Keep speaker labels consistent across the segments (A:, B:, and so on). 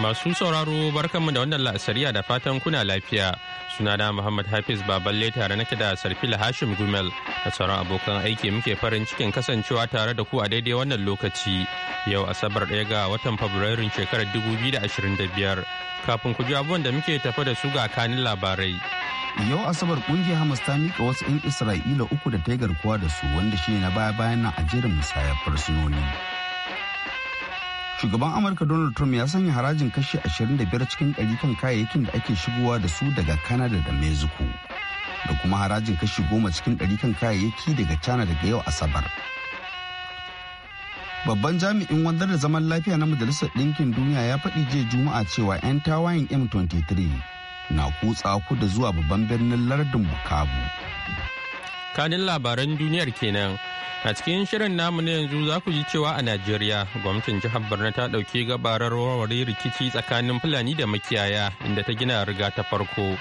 A: Masu sauraro barkanmu da wannan la'asariya da fatan kuna lafiya. suna Sunana Muhammad Hafiz Baballe tare nake da Sarfila Hashim Gumel da sauran abokan aiki muke farin cikin kasancewa tare da ku a daidai wannan lokaci. Yau Asabar ɗaya ga watan Fabrairun shekarar 2025. Kafin ku ji abubuwan da muke tafa da su ga kanin labarai.
B: Yau Asabar kungiyar Hamas ta mika wasu 'yan Isra'ila uku da ta garkuwa da su wanda shine na baya-bayan nan a jerin musayar fursunoni. shugaban amurka donald trump ya sanya harajin kashi 25 cikin ɗari kan kayayyakin da ake shigowa da su daga canada da mexico da kuma harajin kashi 10 cikin ɗari kan kayayyaki daga china daga yau asabar babban jami'in wanzar da zaman lafiya na majalisar ɗinkin duniya ya faɗi jiya juma'a cewa 'yan tawayen m23 na kutsa da zuwa babban birnin lardin bukavu
A: kanin labaran duniyar kenan A cikin shirin namu na yanzu za ku ji cewa a Najeriya gwamnatin jihar Borno ta ɗauki gabarar warware rikici tsakanin Fulani da makiyaya inda ta gina riga ta farko.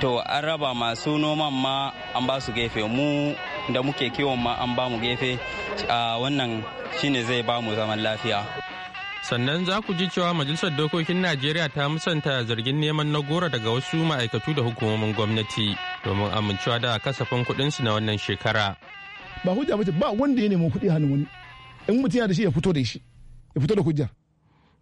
B: To an raba masu noman ma an ba su gefe mu da muke kiwon ma an ba mu
A: gefe a wannan shine zai ba mu zaman lafiya. Sannan za ku ji cewa Majalisar Dokokin Najeriya ta musanta zargin neman na gora daga wasu ma'aikatu da hukumomin gwamnati domin amincewa da kasafin kuɗinsu na wannan shekara.
C: ba hujja ba ce ba wanda ya nemo kuɗi hannun wani in mutum yana da shi ya fito da shi ya fito da hujja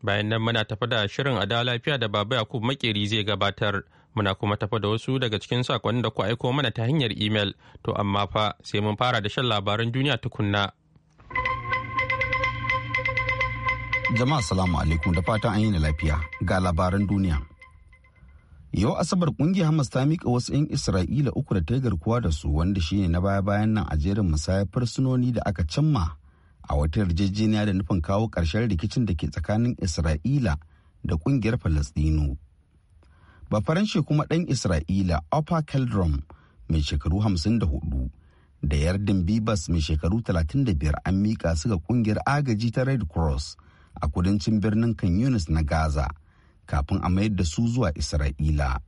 A: bayan nan muna tafa da shirin ada lafiya da baba yakub makeri zai gabatar muna kuma tafa da wasu daga cikin sakonnin da ku aiko mana ta hanyar imel to amma fa sai mun fara da shan labaran duniya tukunna
B: jama'a salamu alaikum da fatan an yi lafiya ga labaran duniya Yau Asabar kungiyar Hamas ta mika wasu 'yan Isra'ila uku da ta yi garkuwa da su wanda shine na baya-bayan nan a jerin musayar fursunoni da aka cimma a wata yarjejeniya da nufin kawo karshen rikicin da ke tsakanin Isra'ila da kungiyar Falastinu. faranshe kuma ɗan Isra'ila Opa Keldrom mai shekaru 54 da yardin Bibas mai shekaru talatin da biyar an mika su ga kungiyar agaji ta Red Cross a kudancin birnin Kan yunus na Gaza kafin a mayar da su zuwa Isra'ila.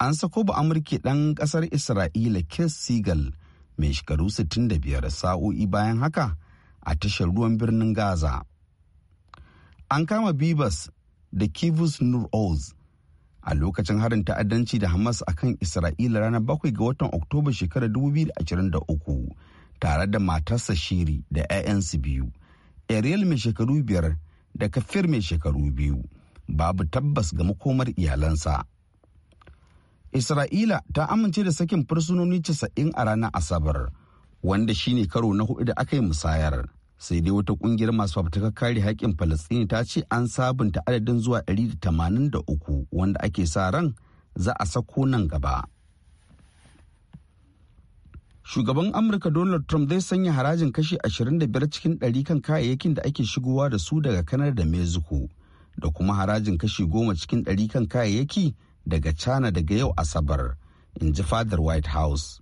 B: An sako ba Amurki ɗan ƙasar Isra'ila Kes Sigal mai shekaru 65 sa'o'i bayan haka a tashar ruwan birnin Gaza. An kama Bibas da Kivus Nur Oz a lokacin harin ta'addanci da Hamas a kan Isra'ila ranar bakwai ga watan Oktoba shekarar 2023 tare da matarsa Shiri da 'ya'yansu biyu, Ariel mai shekaru biyar da Kafir mai shekaru biyu babu tabbas ga makomar iyalansa. Isra'ila ta amince da sakin fursunoni casa'in a ranar Asabar, wanda shine karo na hudu da aka yi musayar. Sai dai wata kungiyar masu fafutukar kare haƙƙin Falastini ta ce an sabunta adadin zuwa 183 wanda ake sa ran za a sako nan gaba. Shugaban Amurka Donald Trump zai sanya harajin kashi 25 cikin 100 kan kayayyakin da ake shigowa da su daga kanar da Mexico. da kuma harajin kashi goma cikin ɗari kan kayayyaki daga China daga yau Asabar, in ji fadar White House.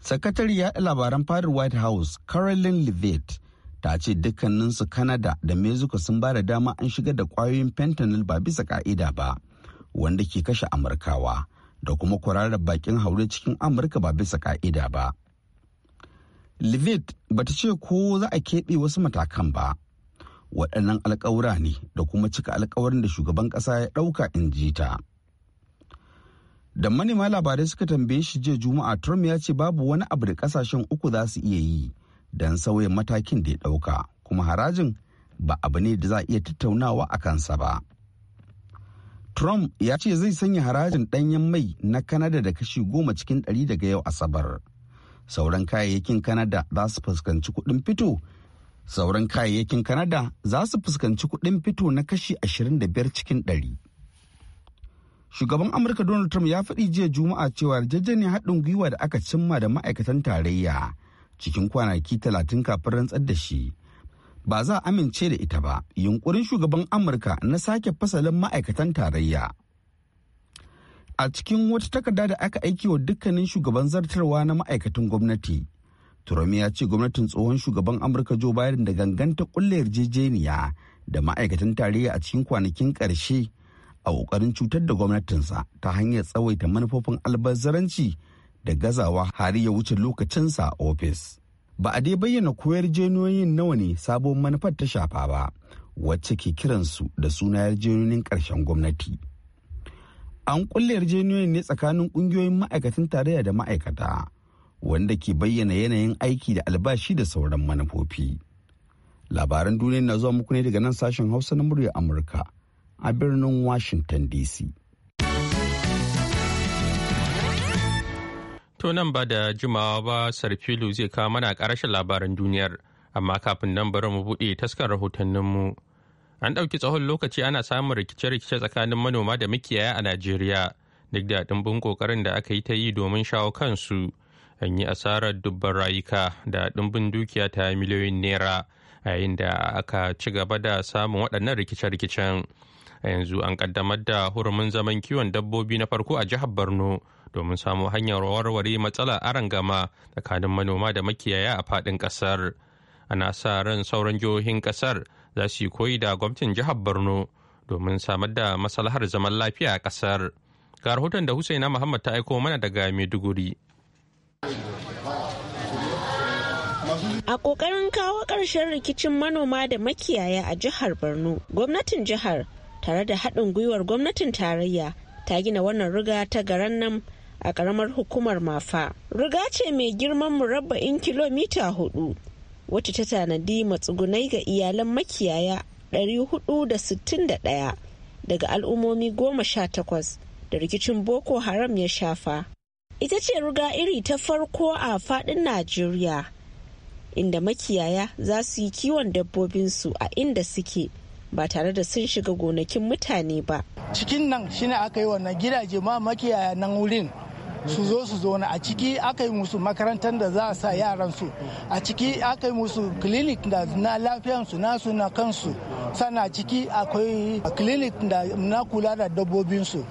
B: Sakatari yaɗa labaran fadar White House, Carolyn Levitt, ta ce dukkaninsu Canada da Mexico sun ba da dama an shiga da kwayoyin fentanyl ba bisa ka'ida ba, wanda ke kashe Amurkawa, da kuma kwararar bakin haure cikin Amurka ba bisa ka'ida ba. Levitt bata ce ko za a keɓe wasu matakan ba. waɗannan alkawura ne da kuma cika alkawarin da shugaban ƙasa ya ɗauka in ji ta. Da manema labarai suka tambaye shi jiya Juma'a Trump ya ce babu wani abu da ƙasashen uku za su iya yi don sauya matakin da ya ɗauka kuma harajin ba abu ne da za a iya tattaunawa a kansa ba. Trump ya ce zai sanya harajin ɗanyen mai na Kanada da kashi goma cikin ɗari daga yau Asabar. Sauran kayayyakin Kanada za su fuskanci kuɗin fito Sauran kayayyakin Kanada za su fuskanci kuɗin fito na kashi 25 cikin ɗari. Shugaban Amurka Donald Trump ya faɗi jiya Juma'a cewa yarjejeniyar haɗin gwiwa da aka cimma da ma'aikatan tarayya cikin kwanaki talatin kafin rantsar da shi. Ba za a amince da ita ba, yunkurin shugaban Amurka na sake fasalin ma'aikatan tarayya. a cikin wata takarda da aka aiki wa dukkanin shugaban zartarwa na ma'aikatan gwamnati turomi ya ce gwamnatin tsohon shugaban Amurka Joe Biden da ganganta kulle yarjejeniya da ma'aikatan tarayya a cikin kwanakin karshe a kokarin cutar da gwamnatinsa ta hanyar tsawaita manufofin albazaranci da gazawa har ya wuce lokacinsa a ofis. Ba a dai bayyana koyar jeniyoyin nawa ne sabon manufar ta shafa ba, wacce ke kiransu da suna yarjejeniyoyin karshen gwamnati. An kulle yarjejeniyoyin ne tsakanin ƙungiyoyin ma'aikatan tarayya da ma'aikata. wanda ke bayyana yanayin aiki da albashi da sauran manufofi. Labaran duniya na zuwa muku ne daga nan sashen Hausa na murya Amurka a birnin Washington DC.
A: To nan ba da jimawa ba Sarfilu zai kawo mana ƙarashin labaran duniyar, amma kafin nan bari mu buɗe taskar rahotanninmu. An ɗauki tsawon lokaci ana samun rikice-rikice tsakanin manoma da makiyaya a Najeriya, duk da ɗimbin ƙoƙarin da aka yi ta yi domin shawo kansu. an yi asarar dubban rayuka da ɗimbin dukiya ta miliyoyin naira a yayin da aka ci gaba da samun waɗannan rikice-rikicen a yanzu an kaddamar da hurumin zaman kiwon dabbobi na farko a jihar borno domin samu hanyar warware matsalar gama tsakanin manoma da makiyaya a faɗin ƙasar ana sa ran sauran jihohin ƙasar za su yi koyi da gwamnatin jihar borno domin samar da maslahar zaman lafiya a ƙasar ga rahoton da husaina muhammad ta aiko mana daga maiduguri
D: A ƙoƙarin kawo ƙarshen rikicin manoma da makiyaya a jihar Borno, gwamnatin jihar tare da haɗin gwiwar gwamnatin tarayya ta gina wannan riga ta garan nan a ƙaramar hukumar Mafa. Riga ce mai girman murabba'in kilomita hudu, wacce ta tanadi matsugunai ga iyalan makiyaya 461 daga al'ummomi goma sha takwas da rikicin Boko Haram ya shafa. ita ce ruga iri ta farko a fadin najeriya inda makiyaya za su yi kiwon dabbobinsu a inda suke ba tare da sun shiga gonakin mutane ba
C: cikin nan shine
D: aka yi wannan gidaje ma makiyaya
C: nan wurin su zo su zo a ciki aka yi musu makarantar da za a sa yaran su a ciki aka yi musu clinic da na lafiyan su na su na kansu sana ciki akwai clinic da na kula da dabbobin su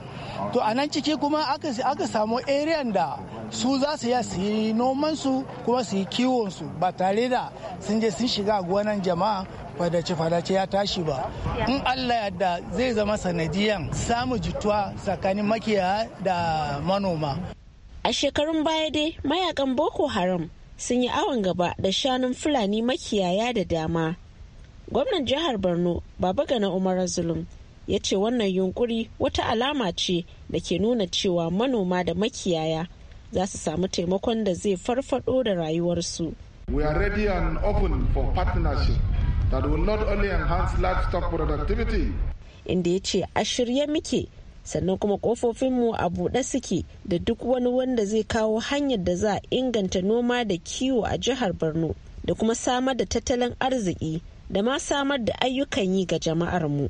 C: to a nan ciki kuma aka samu ariyan da su za su yi su yi nomansu kuma su yi kiwonsu ba tare da sun je sun shiga gonan jama'a fadace-fadace ya tashi ba in allah yadda zai zama sanadiyan samu jituwa tsakanin makiyaya da manoma
D: a shekarun baya dai mayakan boko haram sun yi awon gaba da shanun fulani makiyaya da dama gwamnan jihar borno baba gana umar zulum ya ce wannan yunkuri wata alama ce da ke nuna cewa manoma da makiyaya za su samu taimakon da zai farfado da rayuwarsu. We are ready and open for partnership that will not only enhance livestock productivity. Inda ya ce a shirye muke sannan kuma kofofinmu a buɗe suke da duk wani wanda zai kawo hanyar da za a inganta noma da kiwo a jihar Borno da kuma samar da tattalin arziki da ma samar da ayyukan yi ga jama'armu. mu.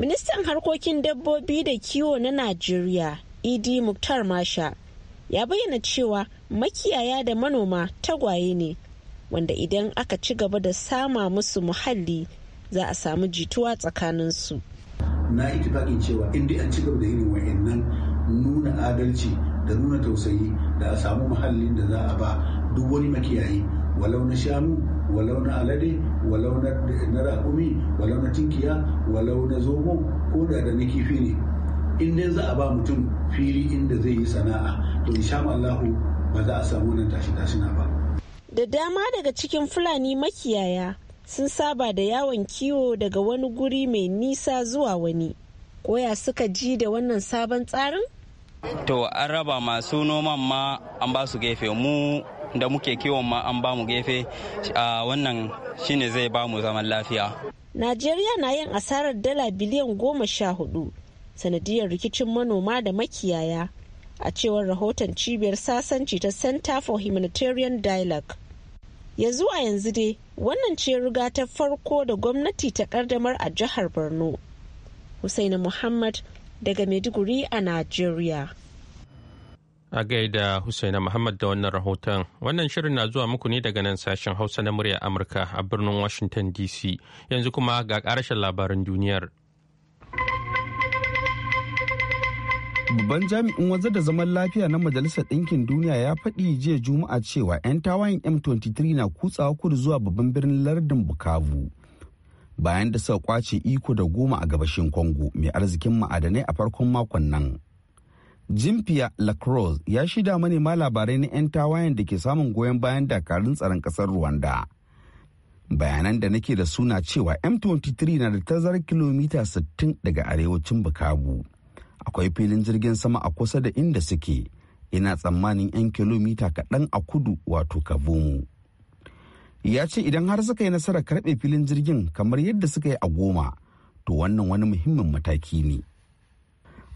D: ministan harkokin dabbobi da kiwo na najeriya idi e muktar masha ya bayyana cewa makiyaya da manoma tagwaye ne wanda idan aka ci gaba da sama musu muhalli za a samu jituwa tsakaninsu
B: na yi tufaƙin cewa inda an ci gaba da irin wa'annan nuna adalci da nuna tausayi da a samu muhallin da za a ba duk wani makiyayi walau na shanu walau na alade walau na raƙumi walau na
C: tinkiya walau na zomo ko da da na kifi ne in za a ba mutum fili inda zai yi sana'a to insha Allahu ba za a samu nan tashi tashina ba
D: da dama daga cikin fulani makiyaya sun saba da yawon kiwo daga wani guri mai nisa zuwa wani koya suka ji da wannan sabon tsarin
B: to an raba masu noman ma an ba su gefe mu da muke kiwon ma an bamu gefe a wannan shine zai bamu zaman lafiya
D: najeriya na yin asarar dala biliyan goma sha hudu sanadiyar rikicin manoma da makiyaya a cewar rahoton cibiyar sasanci ta center for humanitarian dialogue ya zuwa yanzu dai wannan ce riga ta farko da gwamnati ta kardamar a jihar borno hussaini muhammad daga maiduguri a najeriya
A: A gaida hussaina Muhammad da wannan rahoton. Wannan shirin na zuwa muku ne daga nan sashen Hausa na murya Amurka a birnin Washington DC. Yanzu kuma ga karashen labaran duniyar.
B: Babban jami'in wanzar da zaman lafiya na Majalisar Ɗinkin Duniya ya faɗi jiya Juma'a cewa 'yan tawayen M23 na kutsawa kudu zuwa babban birnin lardin Bukavu. Bayan da suka kwace iko da goma a gabashin kongo mai arzikin ma'adanai a farkon makon nan. jimfiya lacrosse ya shida manema labarai na 'yan tawayen da ke samun goyon bayan dakarun tsaron kasar rwanda bayanan da nake da suna cewa m23 na da tazarar kilomita 60 daga arewacin bukabu akwai filin jirgin sama a kusa da inda suke ina tsammanin 'yan kilomita kaɗan a kudu wato kabomu ya ce idan har suka yi nasarar karɓe filin jirgin kamar yadda suka yi a goma to wannan wani muhimmin mataki ne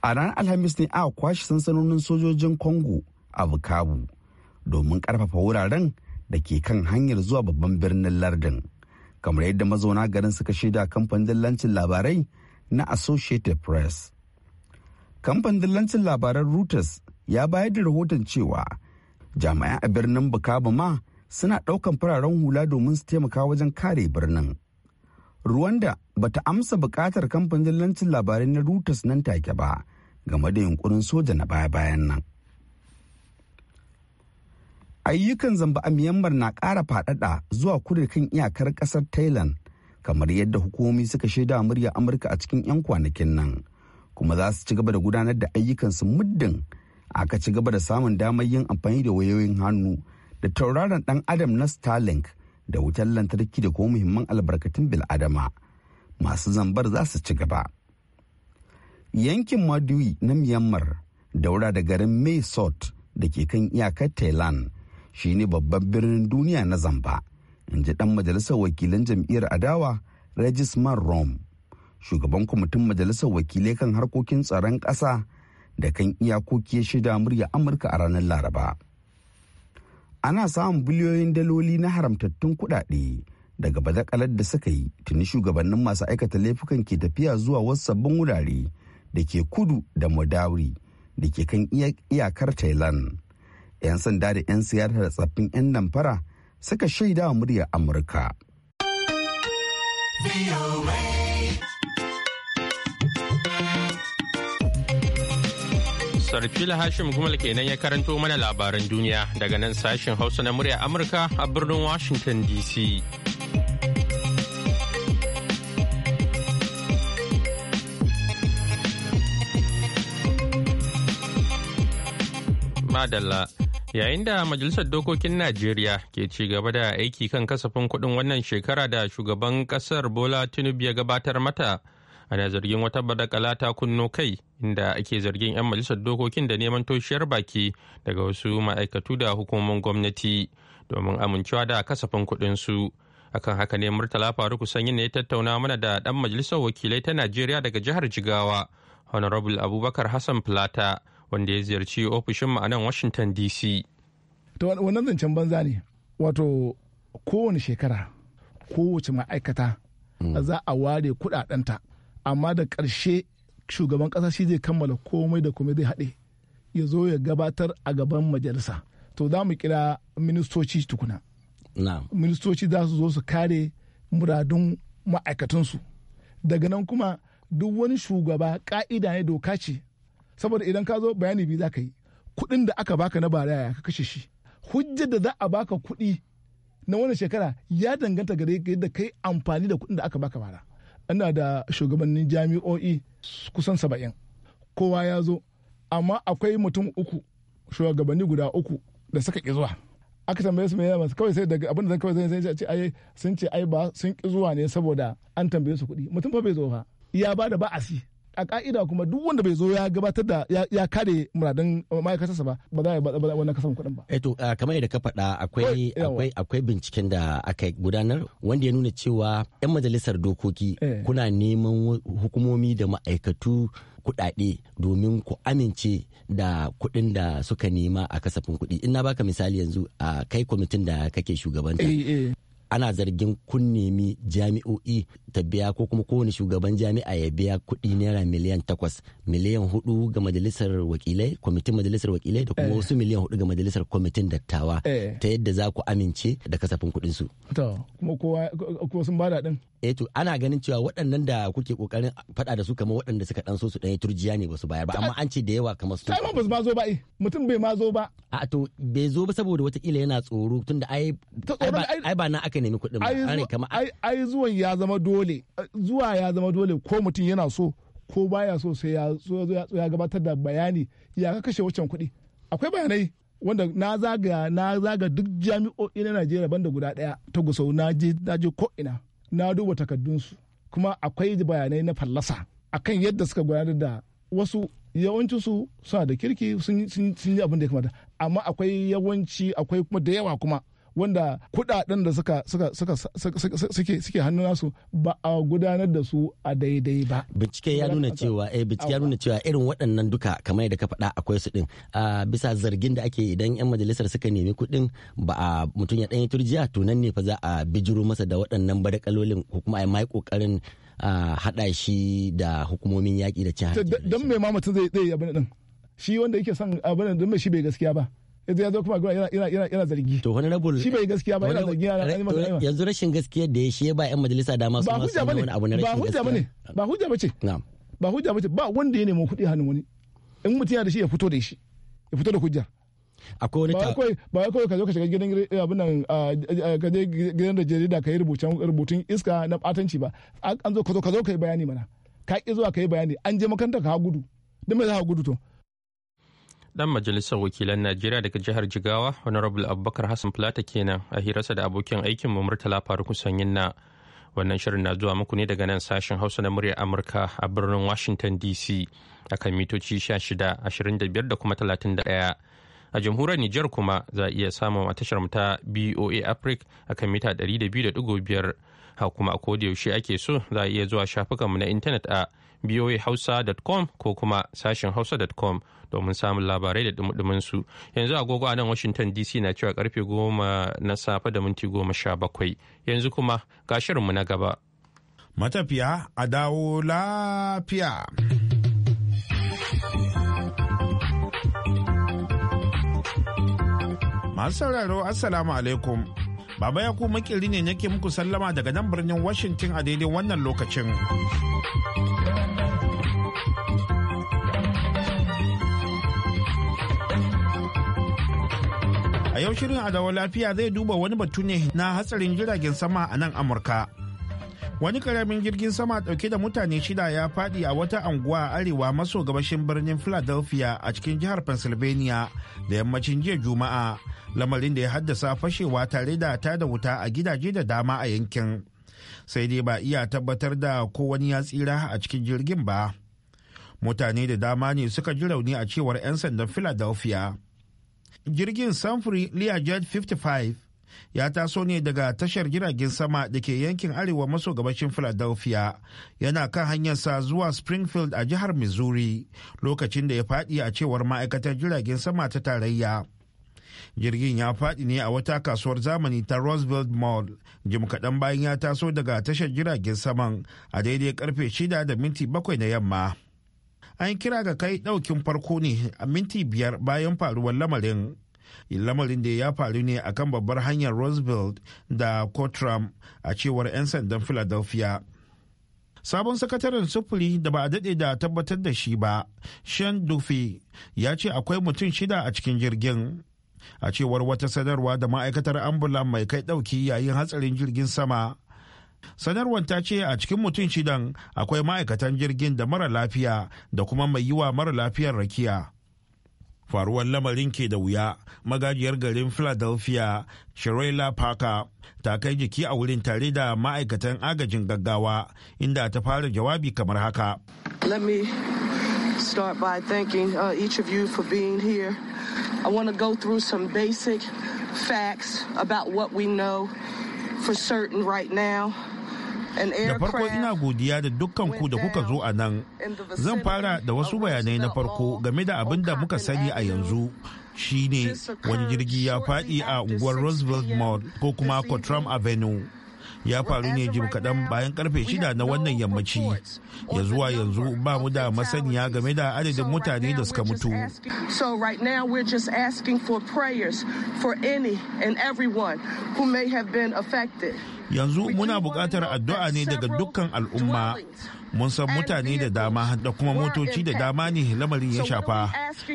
B: a ranar alhamis ne aka kwashi sansanonin sojojin congo a bukabu domin karfafa wuraren da ke kan hanyar zuwa babban birnin lardin kamar yadda mazauna garin suka shaida kamfanin dillancin labarai na associated press kamfanin dillancin labaran reuters ya bayar da rahoton cewa jami'ai a birnin bukabu ma suna ɗaukan fararen hula domin su taimaka wajen kare birnin ruwan da bata amsa bukatar kamfanin dillancin labarai na reuters nan take ba game da yunkurin soja na baya-bayan nan. Ayyukan zamba a Myanmar na ƙara faɗaɗa zuwa kudu kan iyakar ƙasar Thailand kamar yadda hukumomi suka shaida murya Amurka a cikin 'yan kwanakin nan kuma za su ci gaba da gudanar da ayyukansu muddin aka ci gaba da samun damar yin amfani da wayoyin hannu da tauraron ɗan adam na Starlink da wutar lantarki da kuma muhimman albarkatun bil'adama masu zambar za su ci gaba. yankin madui na myanmar daura da garin may da ke kan iyakar thailand shine babban birnin duniya na zamba in ji ɗan majalisar wakilan jam'iyyar adawa regis rom shugaban kwamitin majalisar wakilai kan harkokin tsaron ƙasa da kan iyakoki shida murya amurka a ranar laraba ana samun biliyoyin daloli na haramtattun kuɗaɗe daga badakalar da suka yi tuni shugabannin masu aikata laifukan ke tafiya zuwa wasu sabbin wurare da ke kudu da Mudauri da ke kan iyakar Thailand. 'Yan sanda da 'yan siyasa da tsaffin 'yan damfara suka shaida wa muryar Amurka.
A: sarfil Hashim Gumal kenan ya karanto mana labaran duniya daga nan sashen Hausa na muryar Amurka a birnin Washington DC. Madalla. Yayin da Majalisar Dokokin Najeriya ke ci gaba da aiki kan kasafin kuɗin wannan shekara da shugaban ƙasar Bola Tinubu ya gabatar mata ana zargin wata badakala ta kunno kai inda ake zargin 'yan majalisar dokokin da neman toshiyar baki daga wasu ma'aikatu da hukumomin gwamnati domin amincewa da kasafin su Akan haka ne Murtala Faruku Sanyi ne ya tattauna mana da ɗan majalisar wakilai ta Najeriya daga jihar Jigawa, Honorable Abubakar Hassan Plata. wanda ya ziyarci ofishin a nan washington dc
C: to wannan zancen banza ne wato kowane shekara kowace ma'aikata hmm. za a ware kudadenta amma da ƙarshe shugaban ƙasa shi zai kammala komai da komai zai haɗe ya zo ya gabatar a gaban majalisa to za mu kira ministoci tukuna ministoci za su zo su kare muradun ma'aikatansu daga nan kuma duk wani shugaba ka'ida ne doka ce saboda idan ka zo bayani biyu za ka yi kuɗin da aka baka na baraya ka kashe shi hujjar da za a baka kuɗi na wannan shekara ya danganta gare yadda kai amfani da kuɗin da aka baka bara ina da shugabannin jami'o'i kusan saba'in kowa ya zo amma akwai mutum uku shugabanni guda uku da suka ki zuwa aka tambaye su mai masu kawai sai daga abin da kawai sai ce ai sun ce ai ba sun ki zuwa ne saboda an tambaye su kuɗi mutum fa bai zo fa ya ba da ba'asi a ka'ida kuma duk wanda bai zo ya gabatar da ya kare muradin uh, ma'aikatarsa ba ba za a yi wannan kasan kuɗin ba.
E: Eto eh uh, kamar yadda ka faɗa akwai binciken da aka gudanar wanda ya nuna cewa 'yan majalisar dokoki eh. kuna neman hukumomi da ma'aikatu kuɗaɗe domin ku amince da kuɗin da suka nema a kasafin kuɗi. Ina baka misali yanzu a uh, kai kwamitin da kake shugabanta. Eh, ana zargin kun nemi jami'o'i ta biya ko kuma kowane shugaban jami'a ya biya kuɗi naira miliyan takwas miliyan hudu ga majalisar wakilai kwamitin majalisar wakilai da kuma eh. wasu miliyan hudu ga majalisar kwamitin dattawa eh. ta yadda za ku amince da kasafin kuɗin su. kuma kowa sun bada din. eh to ana ganin cewa waɗannan da kuke kokarin faɗa da su kamar waɗanda suka dan so su ɗanyi turjiya ne ba su bayar ba amma an ce da yawa kamar su kai ba su ma zo ba eh mutum bai ma zo ba a to bai zo ba saboda wataƙila yana tsoro tunda ai ai ba na aka nemi kuɗin ba ai kamar ai zuwan ya zama dole zuwa ya zama
C: dole ko mutum yana so ko baya so sai ya zo ya gabatar da bayani ya ka kashe wucin kuɗi akwai bayanai wanda na zaga na zaga duk jami'o'i na Najeriya banda guda daya ta gusau na je ko ina na duba takaddunsu kuma akwai bayanai na fallasa akan yadda suka gudanar da wasu yawancinsu suna da kirki sun yi abin da ya kamata amma akwai yawanci akwai kuma da yawa kuma wanda kudaden da suka suke hannun nasu ba a gudanar da su a daidai ba
E: bincike ya nuna cewa eh bincike ya nuna cewa irin waɗannan duka kamar yadda ka faɗa akwai su din bisa zargin da ake idan yan majalisar suka nemi kuɗin ba a mutum ya ɗanyi turjiya to nan ne fa za a bijiro masa da waɗannan badakalolin ko kuma a yi ƙoƙarin haɗa shi da hukumomin yaƙi da cin hanci
C: don mai ma mutum zai tsaye abin din shi wanda yake son abin din shi bai gaskiya ba yanzu ya zo kuma yana yana yana yana zargi to wani rabul shi bai gaskiya ba yana zargi yana yana masa
E: yanzu rashin gaskiya da ya shi ba yan majalisa dama su masu sun wani abu na rashin gaskiya
C: ba hujja bane ba hujja bace ba hujja bace ba wanda ya nemo kuɗi hannun wani in mutum yana da shi ya fito da shi ya fito da hujjar akwai wani ta ba ya kawai ka zo ka shiga gidan abin nan ka je gidan da jarida ka yi rubutun iska na batanci ba an zo ka zo ka zo ka yi bayani mana ka ki zuwa ka yi bayani an je makarantar ka ha gudu dan me za ka gudu to
A: dan majalisar wakilan najeriya daga jihar jigawa honorable abubakar hassan plata kenan a hirarsa da abokin aikin mu murtala faruku sanyin na wannan shirin na zuwa muku ne daga nan sashen hausa na muryar amurka a birnin washington dc akan mitoci 16 ashirin da kuma 31 a jamhuriyar Nijar kuma za a iya samun a tashar ta BOA Africa kan mita 200.5 ha kuma a kodayaushe yaushe ake so za a iya zuwa shafukanmu na intanet a voahausa.com ko kuma sashen hausa.com domin samun labarai da dumudumin su yanzu agogo a nan washington dc na cewa karfe goma na safe da minti goma sha bakwai yanzu kuma ga shirinmu na gaba
F: matafiya a dawo lafiya masu sauraro assalamu alaikum Baba ya ku makiri ne nake muku sallama daga nan birnin Washington a daidai wannan lokacin. A yau shirin adawa lafiya zai duba wani batu ne na hatsarin jiragen sama a nan Amurka. wani karamin jirgin sama dauke da mutane shida ya fadi a wata anguwa a arewa maso gabashin birnin philadelphia a cikin jihar pennsylvania da yammacin jiya juma'a lamarin da ya haddasa fashewa tare da ta da wuta a gidaje da dama a yankin sai dai ba iya tabbatar da ko wani ya tsira a cikin jirgin ba mutane da dama ne suka ji rauni a cewar 'yan sandan philadelphia jirgin samfuri learjet 55 ya taso ne daga tashar jiragen sama da ke yankin arewa maso gabashin Philadelphia yana kan hanyarsa zuwa Springfield a jihar Missouri lokacin da ya faɗi a cewar ma'aikatar jiragen sama ta tarayya. jirgin ya faɗi ne a wata kasuwar zamani ta roosevelt mall jim kaɗan bayan ya taso daga tashar jiragen saman a daidai karfe shida da minti bakwai na yamma an kira ga kai ɗaukin farko ne a minti biyar bayan faruwar lamarin lamarin da ya faru ne akan babbar hanyar roosevelt da cotram a cewar 'yan sandan philadelphia sabon sakataren sufuri da ba a daɗe da tabbatar da shi ba shan dufi ya ce akwai mutum shida a cikin jirgin a cewar wata sanarwa da ma'aikatar ambulan mai kai ɗauki yayin hatsarin jirgin sama sanarwar ta ce a cikin mutum shidan akwai ma'aikatan jirgin da mara lafiya da kuma mai yiwa mara lafiyar rakiya faruwar lamarin ke da wuya magajiyar garin philadelphia shirela parker ta kai jiki a wurin tare da ma'aikatan agajin gaggawa inda ta fara jawabi kamar haka
D: let me start by thanking uh, each of you for
B: being here i want to go through some basic facts about what we know for certain right now Da farko
F: ina godiya da dukkan ku da kuka zo a nan. Zan fara da wasu bayanai na farko game da abin da muka sani a yanzu shine wani jirgi ya faɗi a unguwar Roosevelt Mall ko kuma Cotram Avenue. ya faru ne jim kaɗan bayan karfe shida na wannan yammaci ya zuwa yanzu ba mu da masaniya game da adadin mutane da suka mutu yanzu muna buƙatar addu'a ne daga dukkan al'umma mun san mutane da dama da kuma motoci da dama ne lamarin ya shafa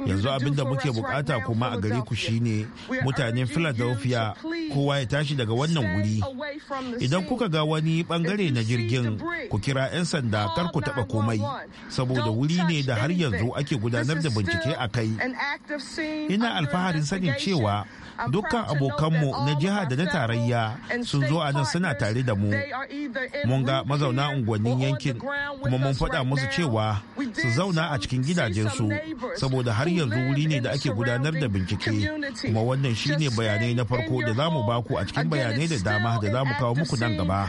F: yanzu abin da muke bukata kuma a gare ku shine mutanen philadelphia kowa ya tashi daga wannan wuri idan kuka ga wani bangare na jirgin ku kira 'yan sanda kar ku taba komai saboda wuri ne da har yanzu ake gudanar da bincike a kai
G: ina alfaharin sanin cewa dukkan abokanmu
F: na jiha da na tarayya sun zo a nan suna tare da mu
E: mun ga mazauna
F: unguwannin yankin
E: kuma mun faɗa musu cewa su
F: zauna a cikin gidajensu saboda har yanzu wuri ne da ake gudanar da bincike kuma wannan shine bayanai na farko da za mu baku a cikin bayanai da dama da za mu kawo muku nan gaba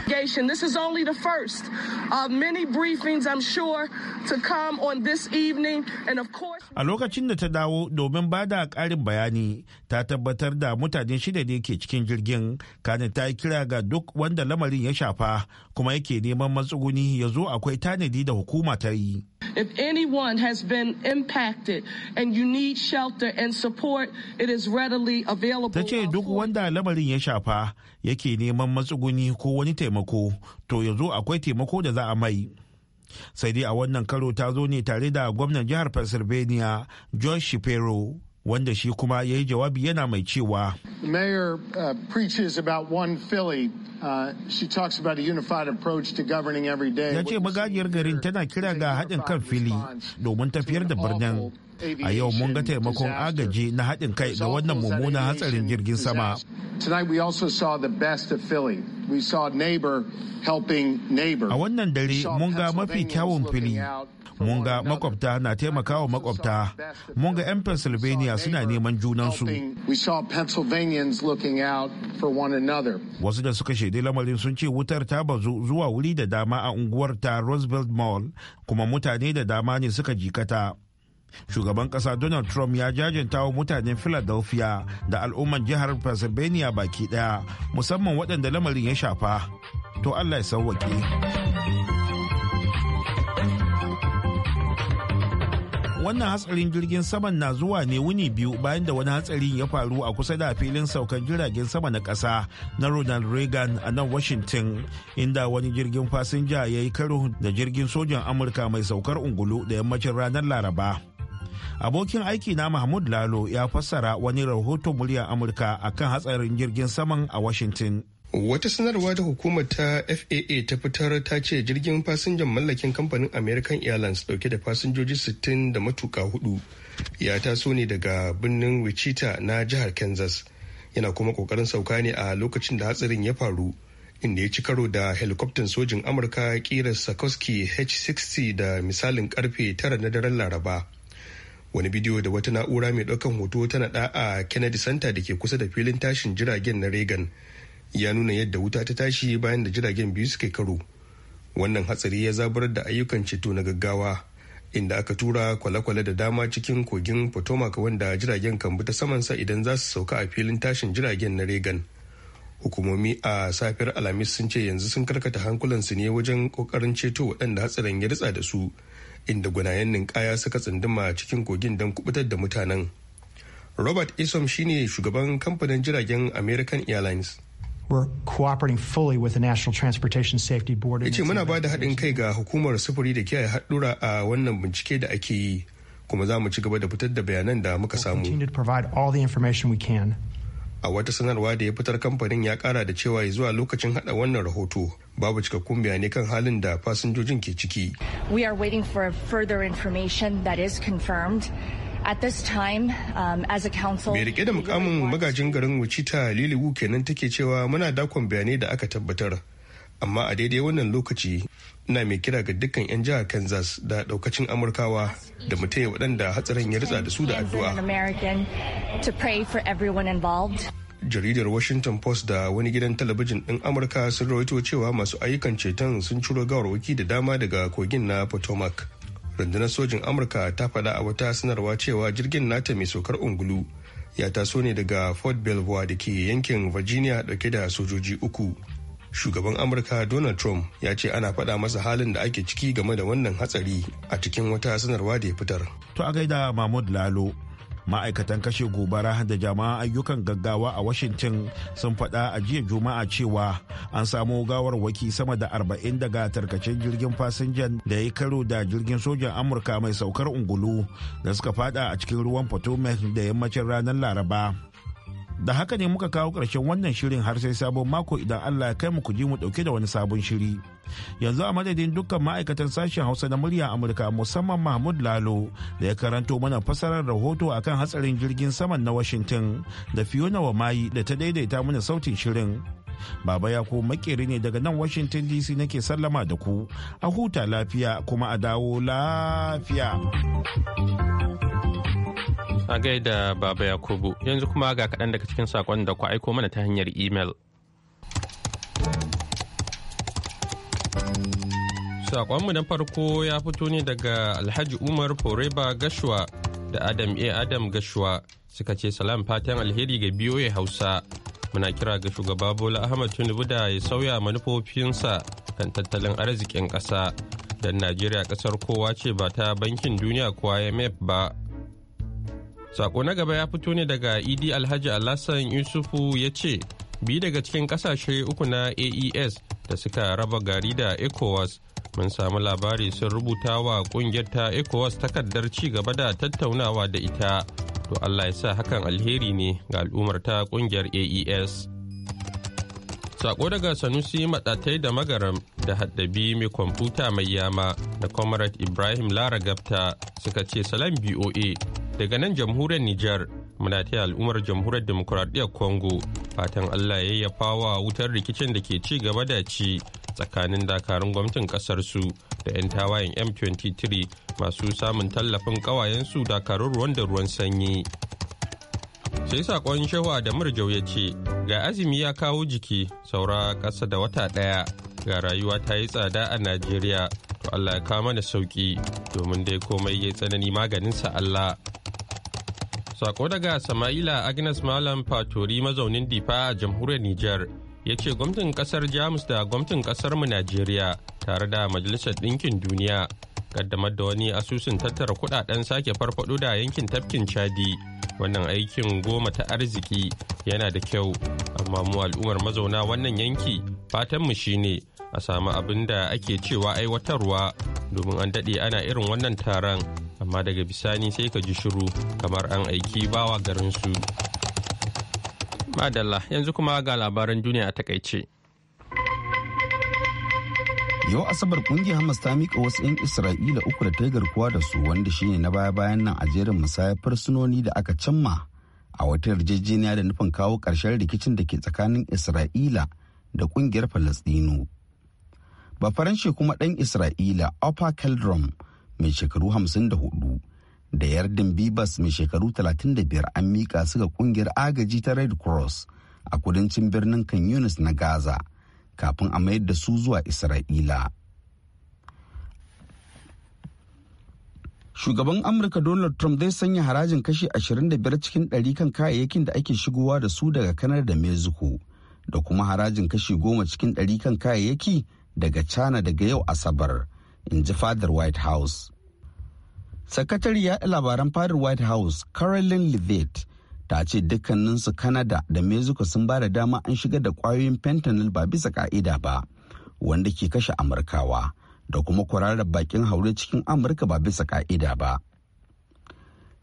F: a lokacin da ta dawo domin ba da ƙarin bayani ta tabbatar da mutane shida ne ke cikin jirgin kane ta yi kira ga duk wanda lamarin ya shafa kuma yake neman matsuguni ya zo akwai tanadi da hukuma ta yi
B: If anyone has been impacted and you need
F: shelter and support, it is readily available. Ta ce duk wanda lamarin ya shafa yake neman matsuguni ko wani taimako, to ya zo akwai taimako da za a mai. Sai dai a wannan karo ta zo ne tare da gwamnan jihar Pennsylvania, Josh Shapiro. wanda shi kuma ya yi jawabi yana mai cewa mayor uh, preaches about
C: one philly uh, she talks about a unified approach to governing every day ya
F: ce magajiyar garin tana kira ga haɗin kan fili domin tafiyar da birnin a yau mun ga taimakon agaji na haɗin kai da wannan mummunan hatsarin jirgin sama tonight we also saw the best of philly we saw
C: neighbor helping neighbor a
F: wannan dare mun ga mafi kyawun fili mun ga makwabta na taimakawa makwabta mun ga 'yan pennsylvania suna neman junansu wasu da suka shaidi lamarin sun ce wutar ta bazu zuwa wuri da dama a unguwar ta roosevelt mall kuma mutane da dama ne suka jikata shugaban kasa donald trump ya jajanta mutanen philadelphia da al'umman jihar pennsylvania baki daya musamman waɗanda lamarin ya shafa to allah ya sauwaƙe. wannan hatsarin jirgin saman na zuwa ne wuni biyu bayan da wani hatsarin ya faru a kusa da filin saukan jiragen sama na ƙasa na ronald reagan a nan washington inda wani jirgin fasinja ya yi karo da jirgin sojan amurka mai saukar ungulu da yammacin ranar laraba abokin aiki na mahmud lalo ya fassara wani rahoton muryar amurka akan hatsarin jirgin saman a washington Wata sanarwa da hukumar ta FAA ta fitar ta ce jirgin fasinjan mallakin
G: kamfanin American Airlines dauke da fasinjoji 60 da matuka hudu ya taso ne daga birnin Wichita na jihar Kansas. Yana kuma kokarin sauka ne a lokacin da hatsarin ya faru inda ya ci karo da helikoftan sojin Amurka kirar sakoski H-60 da misalin karfe 9 na daren Laraba. Wani bidiyo da wata na'ura mai daukan hoto tana naɗa a Kennedy Center da ke kusa da filin tashin jiragen na Reagan. ya nuna yadda wuta ta tashi bayan da jiragen biyu yi karo wannan hatsari ya zabar da ayyukan ceto na gaggawa inda aka tura kwale-kwale da dama cikin kogin potomac wanda jiragen kan bi ta saman sa idan za su sauka a filin tashin jiragen na reagan hukumomi a safiyar alhamis sun ce yanzu sun karkata hankulansu ne wajen kokarin ceto waɗanda hatsarin ya ritsa da su inda gwanayen ninkaya suka tsunduma cikin kogin don kubutar da mutanen robert isom shine shugaban kamfanin jiragen american airlines we're ce with muna ba da haɗin kai ga hukumar sufuri da kiyaye haɗura a wannan bincike da ake yi kuma za mu ci gaba da fitar da bayanan da muka samu. A wata sanarwa da ya fitar kamfanin ya kara da cewa zuwa lokacin hada wannan rahoto babu cikakkun bayanai kan halin da fasinjojin ke ciki.
F: We are waiting for further information that is confirmed. Bai um, rike da mukamin
G: magajin garin Wichita lili Wu kenan take cewa muna dakon bayanai da aka tabbatar. Amma a daidai wannan lokaci ina mai kira ga dukkan 'yan jihar Kansas da daukacin Amurkawa da mutai waɗanda hatsarin ya ritsa da su da addu'a. Jaridar Washington Post da wani gidan talabijin ɗin Amurka sun rawaito cewa masu ayyukan ceton sun ciro gawarwaki da dama daga kogin na Potomac. rundunar sojin amurka ta faɗa a wata sanarwa cewa jirgin nata mai saukar ungulu ya taso ne daga fort belvoir da ke yankin virginia dauke da sojoji uku shugaban amurka donald trump ya ce ana faɗa masa halin da ake ciki game da wannan hatsari a cikin wata sanarwa da ya fitar
F: to a gaida mahmud lalo ma'aikatan kashe gobara da jama'a ayyukan gaggawa a washington sun faɗa a jiya juma'a cewa an samo waki sama da 40 daga tarkacen jirgin fasinjan da ya karo da jirgin sojan amurka mai saukar ungulu da suka fada a cikin ruwan potomac da yammacin ranar laraba da haka ne muka kawo ƙarshen wannan shirin har sai sabon mako idan allah ya kai mu ku ji mu ɗauke da wani sabon shiri. yanzu a madadin dukkan ma'aikatan sashen hausa na murya amurka musamman mahmud lalo da ya karanto mana fasarar rahoto a kan hatsarin jirgin saman na washington da fiona wa mayi da ta daidaita mana sautin shirin baba ya ko makeri ne daga nan washington dc nake sallama da ku a huta lafiya kuma a dawo lafiya
A: a gaida baba yakubu yanzu kuma ga kaɗan daga cikin saƙon da ku aiko mana ta hanyar imel. Sakonmu na farko ya fito ne daga Alhaji Umar Foreba Gashua da Adam A. Adam Gashua suka ce salam fatan alheri ga biyoye Hausa. Muna kira ga shugaba Bola Ahmad Tinubu da ya sauya manufofinsa kan tattalin arzikin ƙasa. Dan Najeriya ƙasar kowa ce ba ta bankin duniya ko IMF ba. Sako na gaba ya fito ne daga Idi Alhaji Alhassan Yusufu ya ce, biyu daga cikin kasashe uku na aes da suka raba gari da ecowas mun samu labari sun rubuta wa kungiyar ta ecowas takardar ci gaba da tattaunawa da ita to allah ya sa hakan alheri ne ga al'ummar ta kungiyar aes sako daga sanusi matatai da magaram da haddabi mai kwamfuta mai yama da comrade ibrahim lara gabta suka ce salam boa daga nan jamhuriyar Nijar muna taya al'ummar jamhuriyar demokuraɗiyyar Congo fatan Allah ya yafa wa wutar rikicin da ke ci gaba da ci tsakanin dakarun gwamnatin kasar su da 'yan tawayen M23 masu samun tallafin su dakarun ruwan da ruwan sanyi. Sai saƙon shehu da murjau ya ce, ga azumi ya kawo jiki saura ƙasa da wata ɗaya ga rayuwa ta yi tsada a Najeriya Allah ya kawo mana sauki domin dai komai ya tsanani maganin sa Allah. Sako daga Sama'ila Agnes Malam Fatori mazaunin Difa a jamhuriyar Nijar ya ce gwamnatin kasar Jamus da gwamnatin mu Najeriya tare da Majalisar Ɗinkin Duniya kaddamar da wani asusun tattara kudaden sake farfado da yankin tafkin Chadi. Wannan aikin goma ta arziki yana da kyau, amma mu al'ummar mazauna wannan yanki fatanmu shine a samu abin da ake cewa aiwatarwa domin an daɗe ana irin wannan taron amma daga bisani sai ka ji shiru kamar an aiki bawa garinsu madalla yanzu kuma ga labaran duniya a takaice
B: yau asabar kungiyar hamas ta miƙa wasu 'yan isra'ila uku da ta yi garkuwa da su wanda shine na baya-bayan nan a jerin musayar fursunoni da aka cimma a wata yarjejeniya da nufin kawo karshen rikicin da ke tsakanin isra'ila da kungiyar Falasdino. Bafaranshe kuma ɗan Isra'ila Alpha Keldrum mai shekaru 54 da yardin Bibas mai shekaru 35 an mika su ga kungiyar agaji ta Red Cross a kudancin birnin Kan yunus na Gaza kafin a mayar da su zuwa Isra'ila. shugaban amurka donald trump zai sanya harajin kashi 25 cikin 100 kan kayayyakin da ake shigowa da su daga kanar da mexico da kuma harajin kashi goma cikin ɗari kan kayayyaki daga China daga yau Asabar, in ji fadar White House. Sakatari ya labaran fadar White House, Carolyn Levitt, ta ce dukkaninsu Canada da Mexico sun ba da dama an shiga da kwayoyin fentanyl ba bisa ka'ida ba, wanda ke kashe Amurkawa, da kuma kwararar bakin haure cikin Amurka ba bisa ka'ida ba.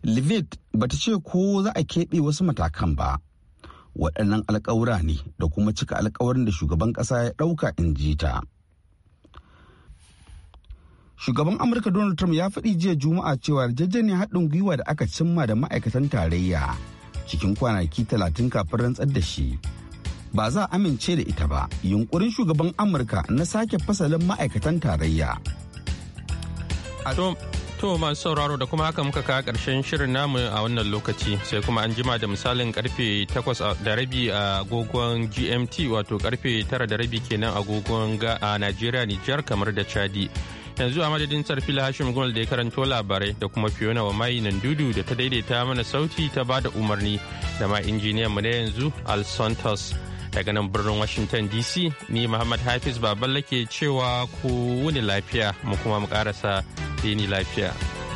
B: Levitt bata ce ko za a keɓe wasu matakan ba. waɗannan alkawura ne da kuma cika alkawarin da shugaban ƙasa ya ɗauka in ji ta. Shugaban Amurka Donald Trump ya faɗi jiya Juma'a cewa ne haɗin gwiwa da aka cimma da ma'aikatan tarayya cikin kwanaki talatin kafin rantsar da shi. Ba za a amince da ita ba, yunkurin shugaban Amurka na sake fasalin ma'aikatan tarayya.
A: To masu sauraro da kuma haka muka kawo ƙarshen shirin namu a wannan lokaci sai kuma an jima da misalin karfe 8:30 rabi a agogon GMT wato karfe tara da rabi kenan agogon ga a Najeriya Nijar kamar da Chadi. Yanzu a madadin sarfila Hashim Gumal da ya karanto labarai da kuma Fiona wa mai nan dudu da ta daidaita mana sauti ta ba da umarni da ma injiniyan mu na yanzu Al Santos. Daga nan birnin Washington DC ni Muhammad Hafiz Baballa ke cewa ku wuni lafiya mu kuma mu karasa dini lafiya.